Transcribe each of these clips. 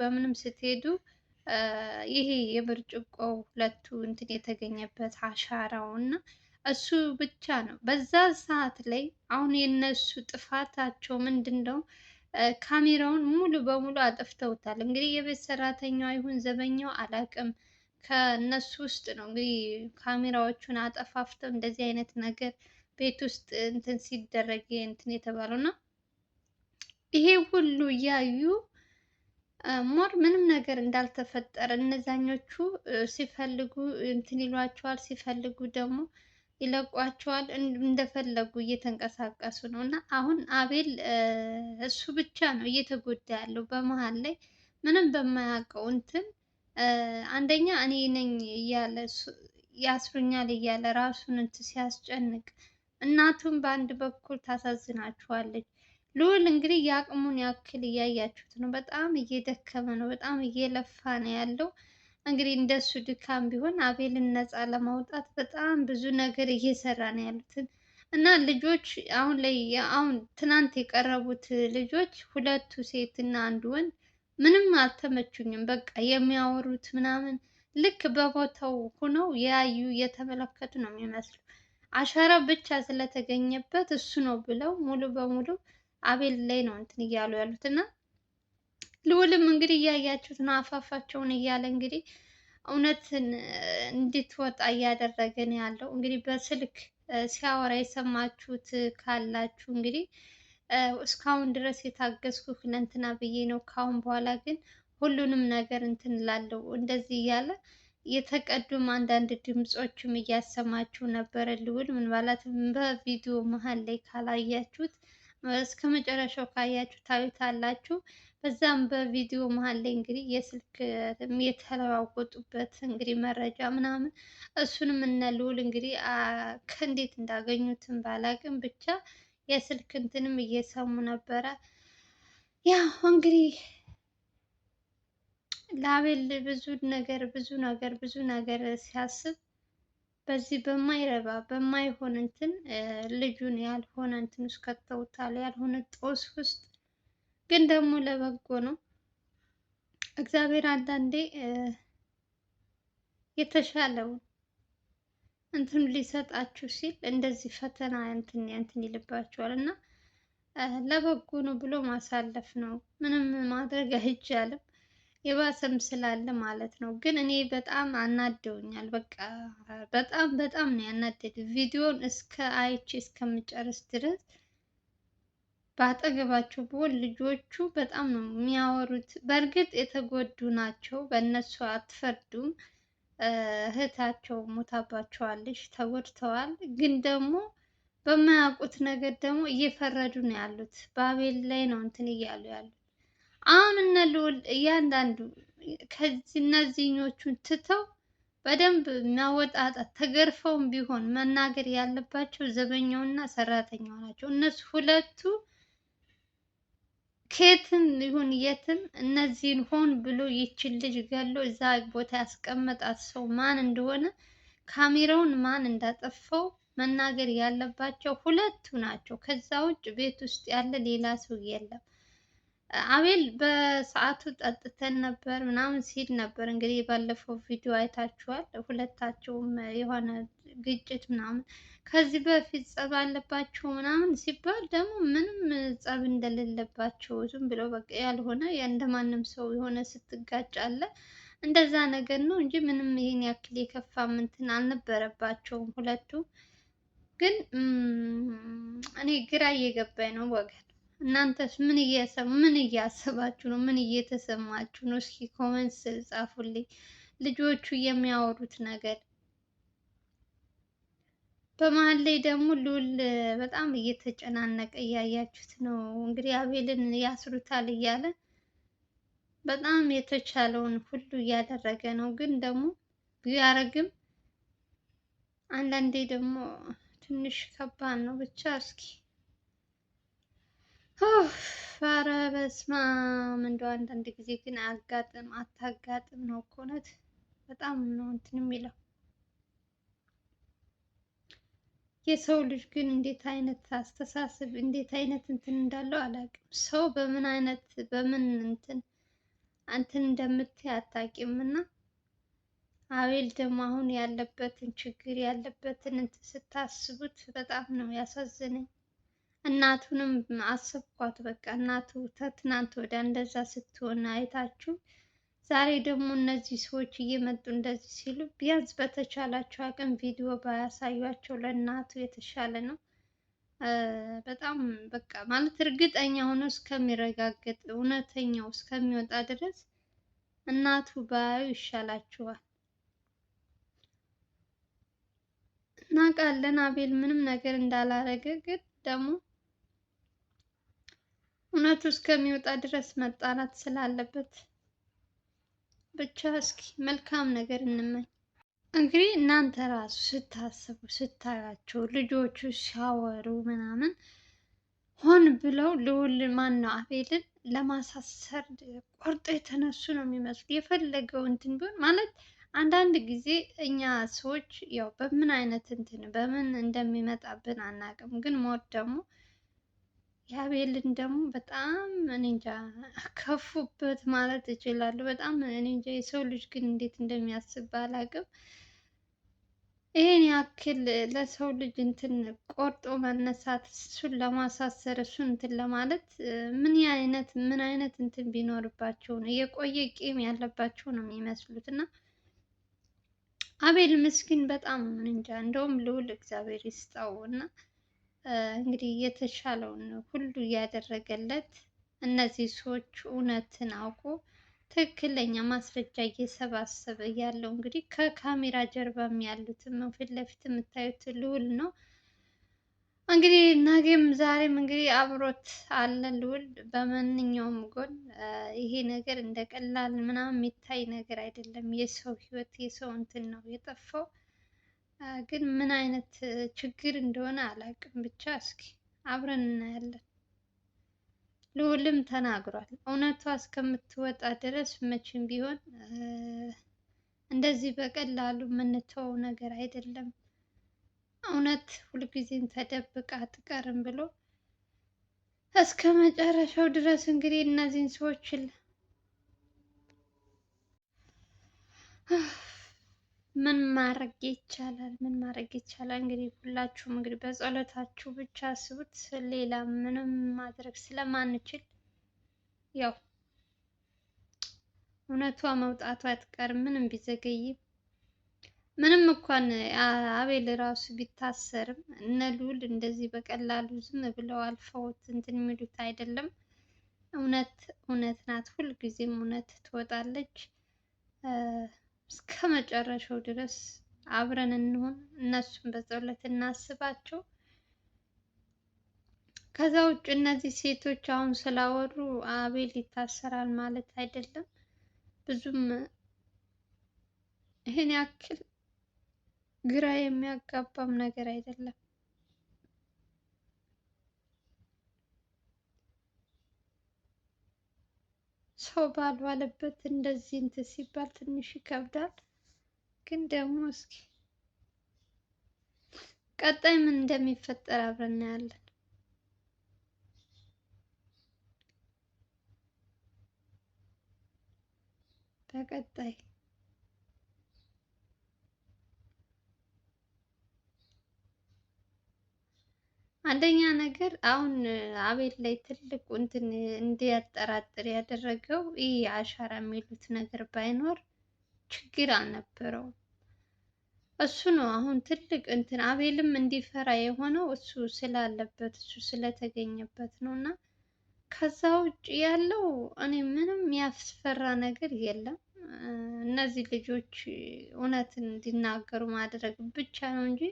በምንም ስትሄዱ ይሄ የብርጭቆው ሁለቱ እንትን የተገኘበት አሻራው እና እሱ ብቻ ነው። በዛ ሰዓት ላይ አሁን የነሱ ጥፋታቸው ምንድን ነው? ካሜራውን ሙሉ በሙሉ አጠፍተውታል። እንግዲህ የቤት ሰራተኛው ይሁን ዘበኛው አላቅም ከእነሱ ውስጥ ነው እንግዲህ ካሜራዎቹን አጠፋፍተው እንደዚህ አይነት ነገር ቤት ውስጥ እንትን ሲደረግ እንትን የተባለው እና ይሄ ሁሉ እያዩ ሞር ምንም ነገር እንዳልተፈጠረ እነዛኞቹ ሲፈልጉ እንትን ይሏቸዋል፣ ሲፈልጉ ደግሞ ይለቋቸዋል። እንደፈለጉ እየተንቀሳቀሱ ነው እና አሁን አቤል እሱ ብቻ ነው እየተጎዳ ያለው በመሀል ላይ ምንም በማያውቀው እንትን አንደኛ እኔ ነኝ እያለ ያስሩኛል እያለ ራሱን እንትን ሲያስጨንቅ፣ እናቱም በአንድ በኩል ታሳዝናችኋለች ልዑል እንግዲህ የአቅሙን ያክል እያያችሁት ነው። በጣም እየደከመ ነው፣ በጣም እየለፋ ነው ያለው። እንግዲህ እንደሱ ድካም ቢሆን አቤልን ነፃ ለማውጣት በጣም ብዙ ነገር እየሰራ ነው ያሉትን እና ልጆች አሁን ላይ አሁን ትናንት የቀረቡት ልጆች ሁለቱ ሴት እና አንድ ወንድ ምንም አልተመቹኝም። በቃ የሚያወሩት ምናምን ልክ በቦታው ሆነው ያዩ እየተመለከቱ ነው የሚመስሉ አሻራ ብቻ ስለተገኘበት እሱ ነው ብለው ሙሉ በሙሉ አቤል ላይ ነው እንትን እያሉ ያሉት እና ልውልም እንግዲህ እያያችሁት ነው አፋፋቸውን እያለ እንግዲህ እውነትን እንድትወጣ እያደረገ ነው ያለው። እንግዲህ በስልክ ሲያወራ የሰማችሁት ካላችሁ እንግዲህ እስካሁን ድረስ የታገስኩህ ለእንትና ብዬ ነው፣ ካሁን በኋላ ግን ሁሉንም ነገር እንትን ላለው እንደዚህ እያለ የተቀዱም አንዳንድ ድምፆችም እያሰማችሁ ነበረ። ልዑል ምናልባት በቪዲዮ መሀል ላይ ካላያችሁት እስከ መጨረሻው ካያችሁ ታዩታላችሁ። በዛም በቪዲዮ መሀል ላይ እንግዲህ የስልክ የተለዋወጡበት እንግዲህ መረጃ ምናምን እሱንም እነ እንግዲህ ከእንዴት እንዳገኙትን ባላቅም ብቻ የስልክ እንትንም እየሰሙ ነበረ። ያው እንግዲህ ለአቤል ብዙ ነገር ብዙ ነገር ብዙ ነገር ሲያስብ በዚህ በማይረባ በማይሆን እንትን ልጁን ያልሆነ እንትን ውስጥ ከተውታል፣ ያልሆነ ጦስ ውስጥ። ግን ደግሞ ለበጎ ነው። እግዚአብሔር አንዳንዴ የተሻለውን እንትን ሊሰጣችሁ ሲል እንደዚህ ፈተና እንትን እንትን ይልባችኋል እና ለበጎ ነው ብሎ ማሳለፍ ነው። ምንም ማድረግ አይቻልም። የባሰም ስላለ ማለት ነው። ግን እኔ በጣም አናደውኛል። በቃ በጣም በጣም ነው ያናደድ። ቪዲዮን እስከ አይቼ እስከምጨርስ ድረስ በአጠገባቸው ብሆን ልጆቹ በጣም ነው የሚያወሩት። በእርግጥ የተጎዱ ናቸው። በእነሱ አትፈርዱም። እህታቸው ሞታባቸዋለች፣ ተጎድተዋል። ግን ደግሞ በማያውቁት ነገር ደግሞ እየፈረዱ ነው ያሉት። በአቤል ላይ ነው እንትን እያሉ ያሉት። አሁን እነ ልዑል እያንዳንዱ ከዚህ እነዚህኞቹን ትተው በደንብ ማወጣጣት ተገርፈውም ቢሆን መናገር ያለባቸው ዘበኛውና ሰራተኛው ናቸው። እነሱ ሁለቱ ከየትም ይሁን የትም እነዚህን ሆን ብሎ ይችን ልጅ ገሎ እዛ ቦታ ያስቀመጣት ሰው ማን እንደሆነ ካሜራውን ማን እንዳጠፋው መናገር ያለባቸው ሁለቱ ናቸው። ከዛ ውጭ ቤት ውስጥ ያለ ሌላ ሰው የለም። አቤል በሰዓቱ ጠጥተን ነበር ምናምን ሲል ነበር። እንግዲህ ባለፈው ቪዲዮ አይታችኋል። ሁለታቸውም የሆነ ግጭት ምናምን ከዚህ በፊት ጸብ አለባቸው ምናምን ሲባል ደግሞ ምንም ጸብ እንደሌለባቸው ዝም ብለው በቃ ያልሆነ እንደማንም ሰው የሆነ ስትጋጭ አለ እንደዛ ነገር ነው እንጂ ምንም ይሄን ያክል የከፋ ምንትን አልነበረባቸውም። ሁለቱም ግን እኔ ግራ እየገባኝ ነው ወገን እናንተስ ምን ምን እያሰባችሁ ነው? ምን እየተሰማችሁ ነው? እስኪ ኮመንት ጻፉልኝ። ልጆቹ የሚያወሩት ነገር በመሀል ላይ ደግሞ ሉል በጣም እየተጨናነቀ እያያችሁት ነው እንግዲህ አቤልን ያስሩታል እያለ በጣም የተቻለውን ሁሉ እያደረገ ነው። ግን ደግሞ ቢያረግም አንዳንዴ ደግሞ ትንሽ ከባድ ነው። ብቻ እስኪ ኧረ በስመ አብ እንደው አንዳንድ ጊዜ ግን አጋጥም አታጋጥም ነው እኮ እውነት በጣም ነው እንትን የሚለው። የሰው ልጅ ግን እንዴት አይነት አስተሳሰብ እንዴት አይነት እንትን እንዳለው አላውቅም። ሰው በምን አይነት በምን እንትን እንትን እንደምትይ አታውቂም። እና አቤል ደግሞ አሁን ያለበትን ችግር ያለበትን እንትን ስታስቡት በጣም ነው ያሳዝነኝ። እናቱንም አሰብኳት። በቃ እናቱ ተትናንት ወዲያ እንደዛ ስትሆን አይታችሁ፣ ዛሬ ደግሞ እነዚህ ሰዎች እየመጡ እንደዚህ ሲሉ ቢያንስ በተቻላቸው አቅም ቪዲዮ ባያሳያቸው ለእናቱ የተሻለ ነው። በጣም በቃ ማለት እርግጠኛ ሆኖ እስከሚረጋገጥ እውነተኛው እስከሚወጣ ድረስ እናቱ ባያዩ ይሻላችኋል። እናውቃለን አቤል ምንም ነገር እንዳላረገ ግን ደግሞ እውነቱ እስከሚወጣ ድረስ መጣላት ስላለበት ብቻ እስኪ መልካም ነገር እንመኝ። እንግዲህ እናንተ ራሱ ስታስቡ ስታያቸው ልጆቹ ሲያወሩ ምናምን ሆን ብለው ልዑል ማነው አቤልን ለማሳሰር ቆርጦ የተነሱ ነው የሚመስሉ። የፈለገው እንትን ቢሆን ማለት አንዳንድ ጊዜ እኛ ሰዎች ያው በምን አይነት እንትን በምን እንደሚመጣብን አናውቅም፣ ግን ሞት ደግሞ የአቤልን ደግሞ በጣም እኔ እንጃ ከፉበት ማለት እችላለሁ። በጣም እኔ እንጃ የሰው ልጅ ግን እንዴት እንደሚያስብ ባላቅም ይህን ያክል ለሰው ልጅ እንትን ቆርጦ መነሳት እሱን ለማሳሰር እሱን እንትን ለማለት ምን አይነት ምን አይነት እንትን ቢኖርባቸው ነው የቆየ ቂም ያለባቸው ነው የሚመስሉት። እና አቤል ምስኪን በጣም እንጃ እንደውም ልዑል እግዚአብሔር ይስጠው እና እንግዲህ የተሻለውን ሁሉ እያደረገለት እነዚህ ሰዎች እውነትን አውቆ ትክክለኛ ማስረጃ እየሰባሰበ ያለው እንግዲህ ከካሜራ ጀርባም ያሉትም ነው። ፊት ለፊት የምታዩት ልዑል ነው። እንግዲህ ነገም ዛሬም እንግዲህ አብሮት አለ ልዑል በማንኛውም ጎን። ይሄ ነገር እንደ ቀላል ምናምን የሚታይ ነገር አይደለም። የሰው ህይወት የሰው እንትን ነው የጠፋው። ግን ምን አይነት ችግር እንደሆነ አላውቅም። ብቻ እስኪ አብረን እናያለን። ልዑልም ተናግሯል። እውነቷ እስከምትወጣ ድረስ መቼም ቢሆን እንደዚህ በቀላሉ የምንተወው ነገር አይደለም። እውነት ሁልጊዜም ተደብቃ አትቀርም ብሎ እስከ መጨረሻው ድረስ እንግዲህ እነዚህን ሰዎች ምን ማድረግ ይቻላል? ምን ማድረግ ይቻላል? እንግዲህ ሁላችሁም እንግዲህ በጸሎታችሁ ብቻ አስቡት። ሌላ ምንም ማድረግ ስለማንችል ያው እውነቷ መውጣቷ አትቀርም ምንም ቢዘገይም። ምንም እንኳን አቤል ራሱ ቢታሰርም እነ ልዑል እንደዚህ በቀላሉ ዝም ብለው አልፈውት እንትን የሚሉት አይደለም። እውነት እውነት ናት፣ ሁልጊዜም እውነት ትወጣለች። እስከ መጨረሻው ድረስ አብረን እንሆን፣ እነሱን በጸሎት እናስባቸው። ከዛ ውጭ እነዚህ ሴቶች አሁን ስላወሩ አቤል ይታሰራል ማለት አይደለም። ብዙም ይህን ያክል ግራ የሚያጋባም ነገር አይደለም። ሰው ባለበት እንደዚህ እንትን ሲባል ትንሽ ይከብዳል። ግን ደግሞ እስኪ ቀጣይ ምን እንደሚፈጠር አብረን እናያለን። በቀጣይ አንደኛ ነገር አሁን አቤል ላይ ትልቁ እንትን እንዲያጠራጥር ያደረገው ይህ አሻራ የሚሉት ነገር ባይኖር ችግር አልነበረውም። እሱ ነው አሁን ትልቅ እንትን አቤልም እንዲፈራ የሆነው እሱ ስላለበት እሱ ስለተገኘበት ነው። እና ከዛ ውጭ ያለው እኔ ምንም ያስፈራ ነገር የለም። እነዚህ ልጆች እውነትን እንዲናገሩ ማድረግ ብቻ ነው እንጂ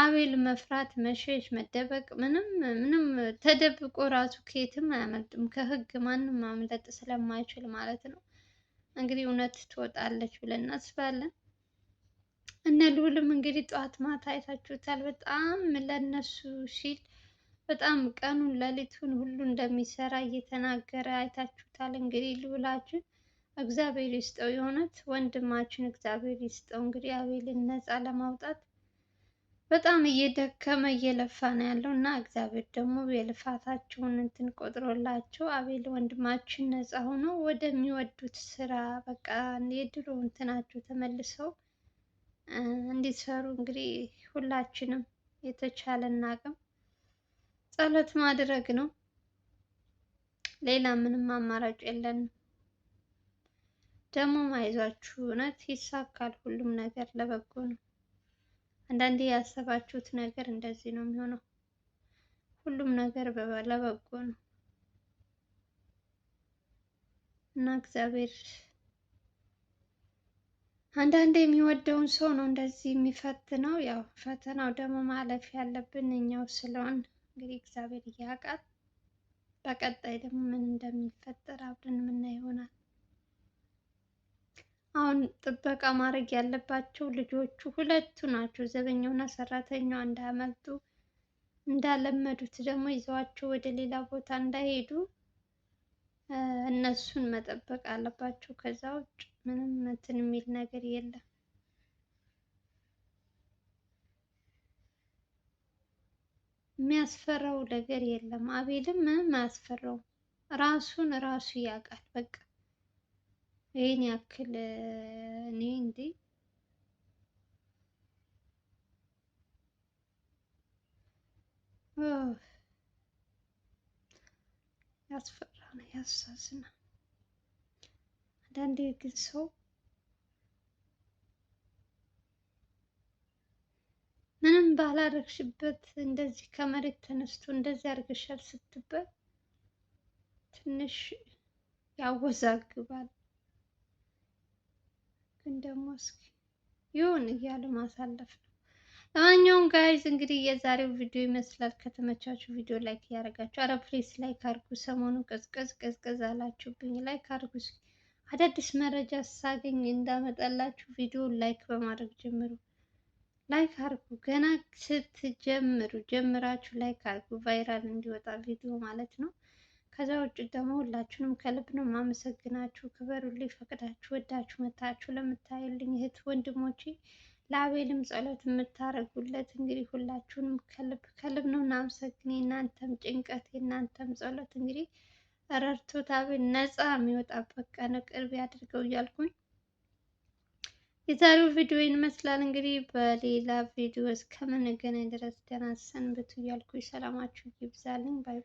አቤል መፍራት፣ መሸሽ፣ መደበቅ ምንም ምንም ተደብቆ ራሱ ከየትም አያመልጥም። ከህግ ማንም ማምለጥ ስለማይችል ማለት ነው። እንግዲህ እውነት ትወጣለች ብለን እናስባለን። እነ ልዑልም እንግዲህ ጠዋት ማታ አይታችሁታል። በጣም ለነሱ ሲል በጣም ቀኑን ሌሊቱን ሁሉ እንደሚሰራ እየተናገረ አይታችሁታል። እንግዲህ ልዑላችን እግዚአብሔር ይስጠው፣ የሆነት ወንድማችን እግዚአብሔር ይስጠው። እንግዲህ አቤልን ነፃ ለማውጣት በጣም እየደከመ እየለፋ ነው ያለው እና እግዚአብሔር ደግሞ የልፋታቸውን እንትን ቆጥሮላቸው አቤል ወንድማችን ነፃ ሆኖ ወደሚወዱት ስራ በቃ የድሮ እንትናቸው ተመልሰው እንዲሰሩ እንግዲህ ሁላችንም የተቻለን አቅም ጸሎት ማድረግ ነው። ሌላ ምንም አማራጭ የለንም። ደግሞ አይዟችሁ፣ እውነት ይሳካል። ሁሉም ነገር ለበጎ ነው። አንዳንዴ ያሰባችሁት ነገር እንደዚህ ነው የሚሆነው። ሁሉም ነገር ለበጎ ነው እና እግዚአብሔር አንዳንዴ የሚወደውን ሰው ነው እንደዚህ የሚፈትነው። ያው ፈተናው ደግሞ ማለፍ ያለብን እኛው ስለሆን እንግዲህ እግዚአብሔር ያውቃል። በቀጣይ ደግሞ ምን እንደሚፈጠር አብረን የምናየው ይሆናል። አሁን ጥበቃ ማድረግ ያለባቸው ልጆቹ ሁለቱ ናቸው። ዘበኛውና ሰራተኛው እንዳያመልጡ እንዳለመዱት ደግሞ ይዘዋቸው ወደ ሌላ ቦታ እንዳይሄዱ እነሱን መጠበቅ አለባቸው። ከዛ ውጭ ምንም እንትን የሚል ነገር የለም። የሚያስፈራው ነገር የለም። አቤልም ምንም አያስፈራውም። ራሱን ራሱ ያውቃል በቃ ይህን ያክል እኔ እንዴ ያስፈራ ነው፣ ያሳዝናል። አንዳንዴ ግን ሰው ምንም ባላረግሽበት እንደዚህ ከመሬት ተነስቶ እንደዚህ አድርገሻል ስትባል ትንሽ ያወዛግባል። ግን ደግሞ እስኪ ይሁን እያሉ ማሳለፍ ነው። ለማንኛውም ጋይዝ እንግዲህ የዛሬው ቪዲዮ ይመስላል። ከተመቻችሁ ቪዲዮ ላይክ እያደረጋችሁ፣ አረ ፕሊስ ላይክ አድርጉ። ሰሞኑን ቀዝቀዝ ቀዝቀዝ አላችሁብኝ። ላይክ አድርጉ። አዳዲስ መረጃ ሳገኝ እንዳመጣላችሁ ቪዲዮ ላይክ በማድረግ ጀምሩ። ላይክ አድርጉ። ገና ስትጀምሩ ጀምራችሁ ላይክ አድርጉ። ቫይራል እንዲወጣ ቪዲዮ ማለት ነው። ከዛ ውጭ ደግሞ ሁላችሁንም ከልብ ነው የማመሰግናችሁ። ክበሩልኝ፣ ፈቅዳችሁ ወዳችሁ መታችሁ ለምታዩልኝ እህት ወንድሞቼ፣ ለአቤልም ጸሎት የምታደርጉለት እንግዲህ ሁላችሁንም ከልብ ከልብ ነው እናመሰግን። የእናንተም ጭንቀት የእናንተም ጸሎት እንግዲህ ረድቶት አቤል ነፃ የሚወጣበት ቀን ቅርብ ያድርገው እያልኩኝ የዛሬው ቪዲዮ ይመስላል። እንግዲህ በሌላ ቪዲዮ እስከምንገናኝ ድረስ ደህና ሰንብቱ እያልኩኝ ሰላማችሁ ይብዛልኝ ባይ